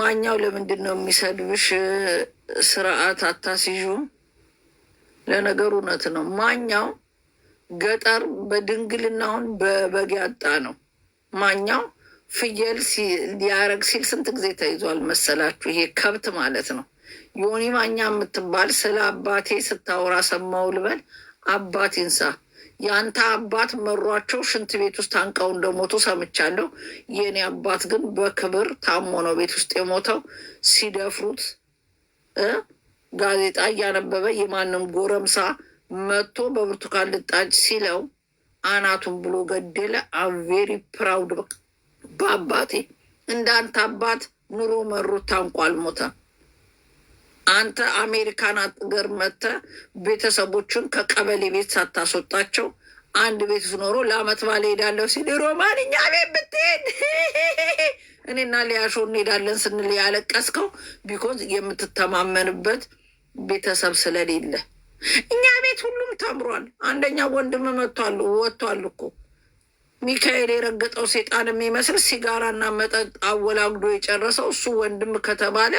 ማኛው ለምንድን ነው የሚሰድብሽ? ስርዓት አታስይዡ። ለነገሩ እውነት ነው። ማኛው ገጠር በድንግልናውን በበግ ያጣ ነው። ማኛው ፍየል ሊያረግ ሲል ስንት ጊዜ ተይዟል መሰላችሁ? ይሄ ከብት ማለት ነው። ዮኒ ማኛ የምትባል ስለ አባቴ ስታወራ ሰማው ልበል አባት ይንሳ የአንተ አባት መሯቸው ሽንት ቤት ውስጥ አንቀው እንደሞቱ ሰምቻለሁ። የእኔ አባት ግን በክብር ታሞ ነው ቤት ውስጥ የሞተው። ሲደፍሩት ጋዜጣ እያነበበ የማንም ጎረምሳ መጥቶ በብርቱካን ልጣጭ ሲለው አናቱን ብሎ ገደለ። አቬሪ ፕራውድ በአባቴ እንዳንተ አባት ኑሮ መሩት ታንቋል ሞተ። አንተ አሜሪካን አጥገር መተ ቤተሰቦችን ከቀበሌ ቤት ሳታስወጣቸው አንድ ቤት ስኖሮ ለአመት ባል ሄዳለሁ ሲል ሮማን እኛ ቤት ብትሄድ እኔና ሊያሾ እንሄዳለን ስንል ያለቀስከው ቢኮዝ የምትተማመንበት ቤተሰብ ስለሌለ እኛ ቤት ሁሉም ተምሯል። አንደኛ ወንድም መቷል ወጥቷል እኮ ሚካኤል የረገጠው ሴጣን የሚመስል ሲጋራና መጠጥ አወላግዶ የጨረሰው እሱ ወንድም ከተባለ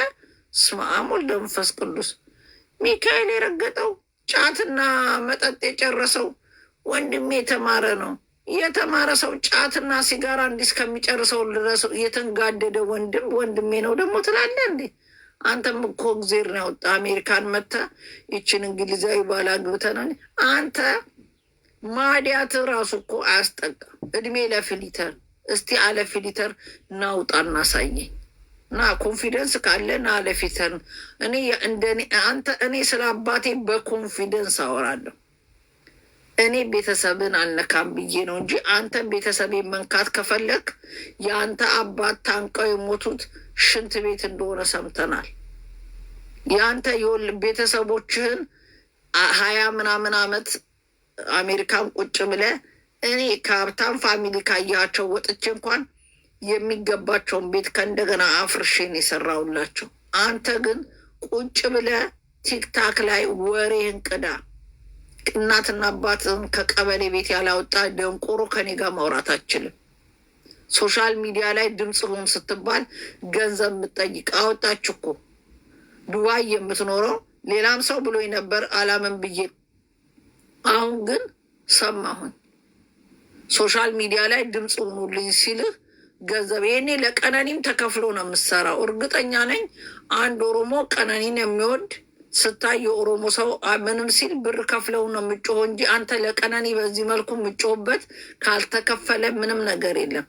ስመ አብ ቅዱስ ሚካኤል የረገጠው ጫትና መጠጥ የጨረሰው ወንድሜ የተማረ ነው። የተማረ ሰው ጫትና ሲጋራ እንዲህ እስከሚጨርሰው ድረስ የተንጋደደ ወንድም ወንድሜ ነው ደግሞ ትላለ እንዴ? አንተም እኮ እግዜር ነው ያወጣ አሜሪካን መጥተህ ይችን እንግሊዛዊ ባል አግብተህ አንተ ማዲያት ራሱ እኮ አያስጠቃም። እድሜ ለፊሊተር እስቲ አለ ፊሊተር ናውጣ እናሳየኝ። ና ኮንፊደንስ ካለ ና እኔ አንተ እኔ ስለ አባቴ በኮንፊደንስ አወራለሁ። እኔ ቤተሰብን አልነካም ብዬ ነው እንጂ አንተን ቤተሰብ መንካት ከፈለግ የአንተ አባት ታንቀው የሞቱት ሽንት ቤት እንደሆነ ሰምተናል። የአንተ ቤተሰቦችህን ሀያ ምናምን አመት አሜሪካን ቁጭ ብለ እኔ ከሀብታም ፋሚሊ ካያቸው ወጥቼ እንኳን የሚገባቸውን ቤት ከእንደገና አፍርሽን የሰራውላቸው። አንተ ግን ቁጭ ብለ ቲክታክ ላይ ወሬህን ቅዳ። እናትና አባትን ከቀበሌ ቤት ያላወጣ ደንቆሮ ከኔ ጋር ማውራት አችልም። ሶሻል ሚዲያ ላይ ድምፅ ሁን ስትባል ገንዘብ የምትጠይቅ አወጣች እኮ ዱባይ የምትኖረው ሌላም ሰው ብሎኝ ነበር አላምን ብዬ አሁን ግን ሰማሁን ሶሻል ሚዲያ ላይ ድምፅ ሁኑልኝ ሲልህ ገንዘብ ይሄኔ ለቀነኒም ተከፍሎ ነው የምሰራው። እርግጠኛ ነኝ አንድ ኦሮሞ ቀነኒን የሚወድ ስታይ የኦሮሞ ሰው ምንም ሲል ብር ከፍለው ነው የምጮሆ እንጂ አንተ ለቀነኒ በዚህ መልኩ የምጮህበት ካልተከፈለ ምንም ነገር የለም።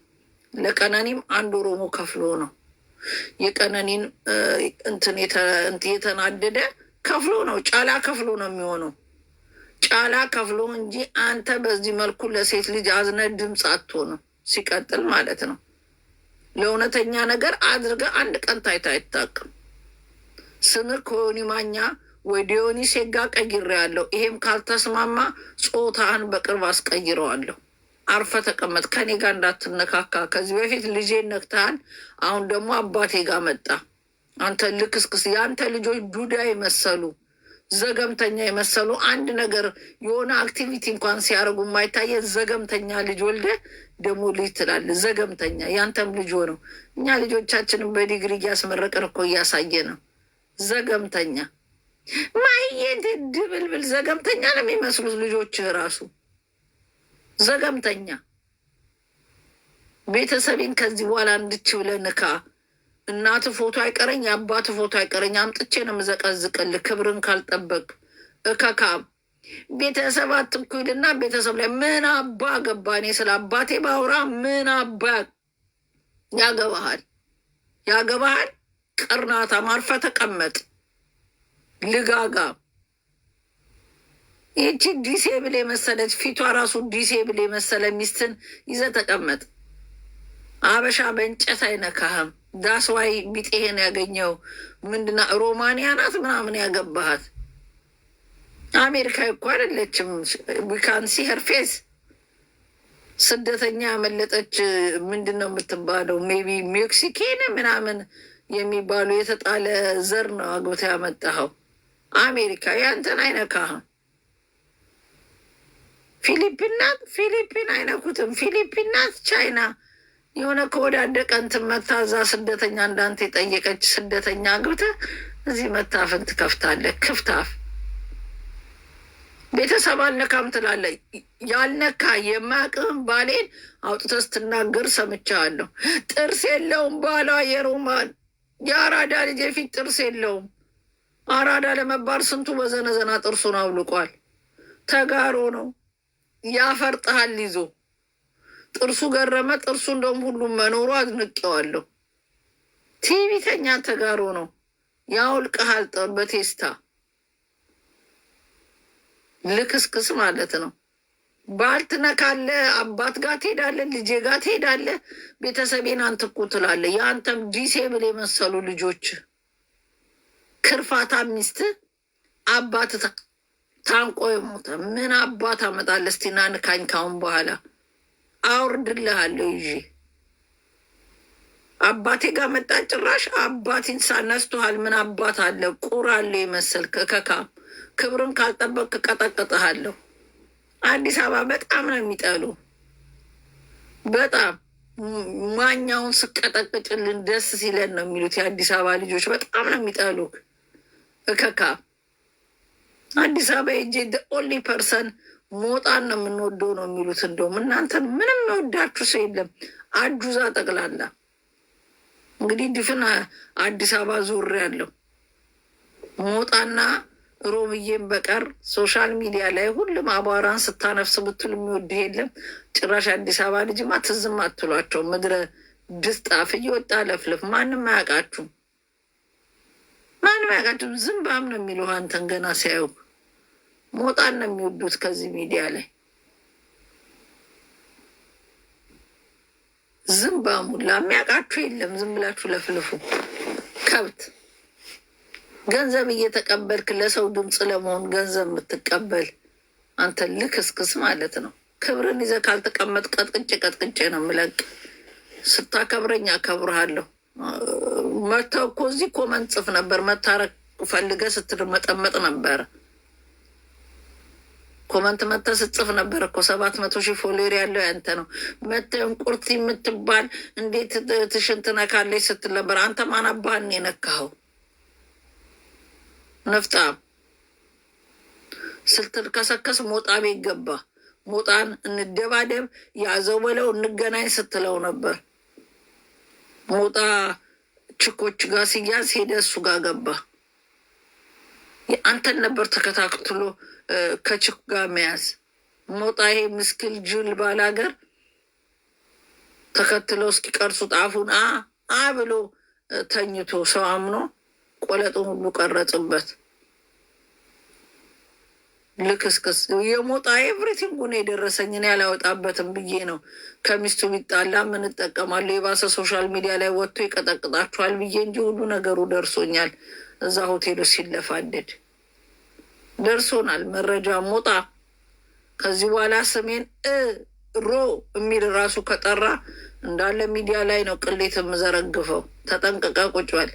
ለቀነኒም አንድ ኦሮሞ ከፍሎ ነው የቀነኒን እንትን የተናደደ ከፍሎ ነው ጫላ ከፍሎ ነው የሚሆነው ጫላ ከፍሎ እንጂ አንተ በዚህ መልኩ ለሴት ልጅ አዝነ ድምፅ አትሆንም። ሲቀጥል ማለት ነው ለእውነተኛ ነገር አድርገ አንድ ቀን ታይታ አይታቅም። ስንር ከሆኒ ማኛ ወይ ሴጋ ቀይር ያለው ይሄም ካልተስማማ ጾታህን በቅርብ አስቀይረዋለሁ። አርፈ ተቀመጥ፣ ከኔ ጋር እንዳትነካካ። ከዚህ በፊት ልጄን ነክተሃል፣ አሁን ደግሞ አባቴ ጋር መጣ። አንተ ልክስክስ፣ የአንተ ልጆች ዱዳ ይመሰሉ ዘገምተኛ የመሰሉ አንድ ነገር የሆነ አክቲቪቲ እንኳን ሲያደርጉ የማይታየ ዘገምተኛ ልጅ ወልደ ደግሞ ልጅ ትላለ ዘገምተኛ ያንተም ልጅ ሆነው እኛ ልጆቻችንም በዲግሪ እያስመረቅን እኮ እያሳየ ነው። ዘገምተኛ ማየት ድብልብል ዘገምተኛ ነው የሚመስሉት ልጆች ራሱ ዘገምተኛ ቤተሰቤን ከዚህ በኋላ እንድች እናት ፎቶ አይቀረኝ የአባት ፎቶ አይቀረኝ አምጥቼ ነው የምዘቀዝቅልህ። ክብርን ካልጠበቅ እከካ ቤተሰብ አትኩልና ቤተሰብ ላይ ምን አባ ገባ? እኔ ስለ አባቴ ባውራ ምን አባ ያገባሃል? ያገባሃል? ቅርናታ ማርፈ ተቀመጥ። ልጋጋ ይቺ ዲሴብል የመሰለች ፊቷ ራሱ ዲሴብል የመሰለ ሚስትን ይዘ ተቀመጥ። አበሻ በእንጨት አይነካህም። ዳስዋይ ቢጤህን ያገኘው ምንድና ሮማንያ ናት ምናምን ያገባሃት አሜሪካ እኮ አይደለችም። ዊካንሲ ሄርፌስ ስደተኛ ያመለጠች ምንድን ነው የምትባለው? ሜቢ ሜክሲኬን ምናምን የሚባሉ የተጣለ ዘር ነው አግብተ ያመጣኸው። አሜሪካ ያንተን አይነካህም። ፊሊፒን ናት፣ ፊሊፒን አይነኩትም። ፊሊፒን ናት ቻይና የሆነ ከወዲያ አንድ ቀን እዛ ስደተኛ እንዳንተ የጠየቀች ስደተኛ አግብተህ እዚህ መታፍን ትከፍታለህ። ክፍታፍ ቤተሰብ አልነካም ትላለህ። ያልነካ የማያውቅህን ባሌን አውጥተህ ስትናገር ሰምቻለሁ። ጥርስ የለውም ባሏ የሮማን የአራዳ ልጅ የፊት ጥርስ የለውም። አራዳ ለመባል ስንቱ በዘነዘና ጥርሱን አውልቋል። ተጋሮ ነው ያፈርጥሃል ይዞ ጥርሱ ገረመ። ጥርሱ እንደውም ሁሉም መኖሩ አድንቄዋለሁ። ቲቪተኛ ተጋሮ ነው ያውልቀሃል በቴስታ ልክስክስ ማለት ነው። ባል ትነካለህ፣ አባት ጋር ትሄዳለ ልጄ ጋር ትሄዳለ ቤተሰቤን አንትኩ ትላለ። የአንተም ዲሴብል የመሰሉ ልጆች ክርፋታ ሚስት አባት ታንቆ የሞተ ምን አባት አመጣለህ? እስቲ ካሁን በኋላ አውርድልሃለሁ ይዤ አባቴ ጋር መጣ። ጭራሽ አባቴን ሳነስተሃል። ምን አባት አለ? ቁር አለ የመሰል ከካም ክብርን ካልጠበቅ እቀጠቅጥሃለሁ። አዲስ አበባ በጣም ነው የሚጠሉ። በጣም ማኛውን ስቀጠቅጭልን ደስ ሲለን ነው የሚሉት የአዲስ አበባ ልጆች። በጣም ነው የሚጠሉ ከካም አዲስ አበባ ሄጄ ኦንሊ ፐርሰን ሞጣን ነው የምንወደው ነው የሚሉት። እንደውም እናንተን ምንም የወዳችሁ ሰው የለም። አጁዛ ጠቅላላ እንግዲህ ድፍን አዲስ አበባ ዞር ያለው ሞጣና ሮምዬን በቀር ሶሻል ሚዲያ ላይ ሁሉም አቧራን ስታነፍስ ብትል የሚወድ የለም። ጭራሽ አዲስ አበባ ልጅማ ትዝም አትሏቸው። ምድረ ድስጣፍ እየወጣ ለፍለፍ ማንም አያውቃችሁም። ማንም አያውቃችሁም። ዝም በአም ነው የሚለው አንተን ገና ሲያዩ ሞጣን ነው የሚወዱት ከዚህ ሚዲያ ላይ ዝም በሙላ የሚያውቃችሁ የለም። ዝም ብላችሁ ለፍልፉ ከብት ገንዘብ እየተቀበልክ ለሰው ድምፅ ለመሆን ገንዘብ የምትቀበል አንተ ልክስክስ ማለት ነው። ክብርን ይዘህ ካልተቀመጥ ቀጥቅጬ ቀጥቅጬ ነው የምለቅ። ስታከብረኝ አከብርሃለሁ። መተው እኮ እዚህ ኮመንት ጽፍ ነበር። መታረቅ ፈልገህ ስትመጠመጥ ነበረ። ኮመንት መተ ስጽፍ ነበር እኮ ሰባት መቶ ሺህ ፎሎር ያለው ያንተ ነው። መተ እንቁርቲ የምትባል እንዴት ትሽን ትነካለች ስትል ነበር። አንተ ማን አባህን የነካኸው? ነፍጣም ስልትን ከሰከስ ሞጣ ቤት ገባ። ሞጣን እንደባደብ ያዘው በለው እንገናኝ ስትለው ነበር። ሞጣ ችኮች ጋር ሲያዝ ሄደ እሱ ጋር ገባ። አንተን ነበር ተከታክትሎ ከችኩ ጋር መያዝ ሞጣ ይሄ ምስኪን ጅል ባል ሀገር ተከትለው እስኪ ቀርጹት አፉን አ አ ብሎ ተኝቶ ሰው አምኖ ቆለጡን ሁሉ ቀረጽበት። ልክስክስ የሞጣ ኤቭሪቲንግ ኤቭሪቲንጉን የደረሰኝን ያላወጣበትም ብዬ ነው ከሚስቱ ቢጣላ ምን እጠቀማለሁ? የባሰ ሶሻል ሚዲያ ላይ ወጥቶ ይቀጠቅጣችኋል ብዬ እንጂ ሁሉ ነገሩ ደርሶኛል። እዛ ሆቴል ውስጥ ሲለፋደድ ደርሶናል። መረጃ ሞጣ ከዚህ በኋላ ስሜን እ ሮ የሚል ራሱ ከጠራ እንዳለ ሚዲያ ላይ ነው ቅሌት የምዘረግፈው። ተጠንቅቀ ቁጭ በል።